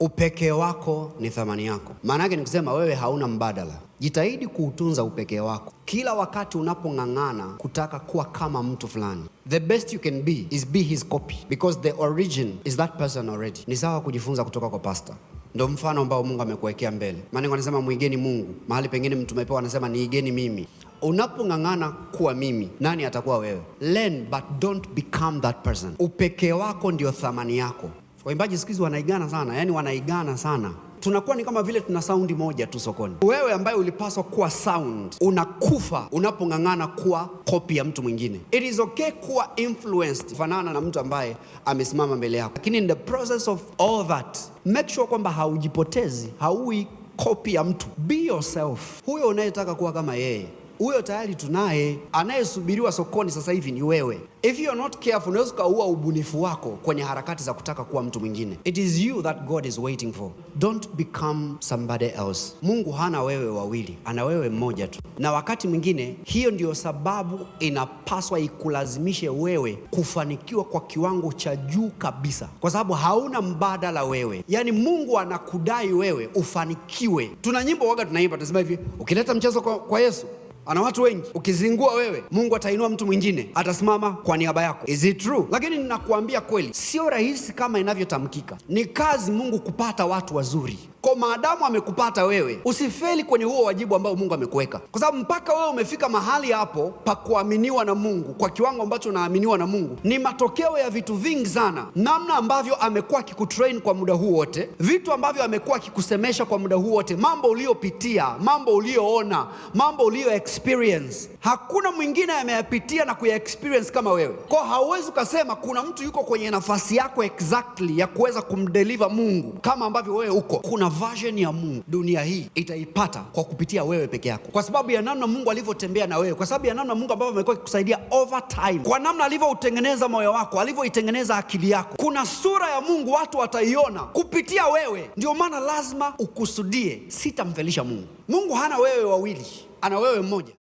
Upekee wako ni thamani yako. Maana yake ni kusema wewe hauna mbadala. Jitahidi kuutunza upekee wako kila wakati unapong'ang'ana kutaka kuwa kama mtu fulani. The best you can be is be his copy because the origin is that person already. Ni sawa kujifunza kutoka kwa pasta Ndo mfano ambao Mungu amekuwekea mbele. Maana anasema muigeni Mungu, mahali pengine mtu umepewa, anasema niigeni mimi. Unapong'ang'ana kuwa mimi, nani atakuwa wewe? Learn but don't become that person. Upekee wako ndio thamani yako. Waimbaji siku hizi wanaigana sana, yani wanaigana sana tunakuwa ni kama vile tuna saundi moja tu sokoni. Wewe ambaye ulipaswa kuwa sound unakufa unapong'ang'ana kuwa kopi ya mtu mwingine. It is okay kuwa influenced, fanana na mtu ambaye amesimama mbele yako, lakini in the process of all that make sure kwamba haujipotezi, haui kopi ya mtu. Be yourself, huyo unayetaka kuwa kama yeye huyo tayari tunaye. Anayesubiriwa sokoni sasa hivi ni wewe. If you are not careful, unaweza ukaua ubunifu wako kwenye harakati za kutaka kuwa mtu mwingine. It is you that God is waiting for, don't become somebody else. Mungu hana wewe wawili, ana wewe mmoja tu, na wakati mwingine hiyo ndiyo sababu inapaswa ikulazimishe wewe kufanikiwa kwa kiwango cha juu kabisa, kwa sababu hauna mbadala wewe. Yani Mungu anakudai wewe ufanikiwe. Tuna nyimbo waga tunaimba, tunasema hivi, ukileta mchezo kwa, kwa Yesu ana watu wengi. Ukizingua wewe, Mungu atainua mtu mwingine, atasimama kwa niaba yako. Is it true? Lakini ninakuambia kweli, sio rahisi kama inavyotamkika. Ni kazi Mungu kupata watu wazuri. Kwa maadamu amekupata wewe, usifeli kwenye huo wajibu ambao Mungu amekuweka, kwa sababu mpaka wewe umefika mahali hapo pa kuaminiwa na Mungu kwa kiwango ambacho unaaminiwa na Mungu ni matokeo ya vitu vingi sana, namna ambavyo amekuwa akikutrain kwa muda huu wote, vitu ambavyo amekuwa akikusemesha kwa muda huu wote, mambo uliyopitia, mambo uliyoona, mambo uliyo experience. Hakuna mwingine ameyapitia na kuyaexperience kama wewe. Kwa hauwezi ukasema kuna mtu yuko kwenye nafasi yako exactly ya kuweza kumdeliver Mungu kama ambavyo wewe uko. Kuna version ya Mungu dunia hii itaipata kwa kupitia wewe peke yako, kwa sababu ya namna Mungu alivyotembea na wewe, kwa sababu ya namna Mungu ambavyo amekuwa akikusaidia over time, kwa namna alivyoutengeneza moyo wako, alivyoitengeneza akili yako. Kuna sura ya Mungu watu wataiona kupitia wewe. Ndio maana lazima ukusudie, sitamfelisha Mungu. Mungu hana wewe wawili ana wewe mmoja.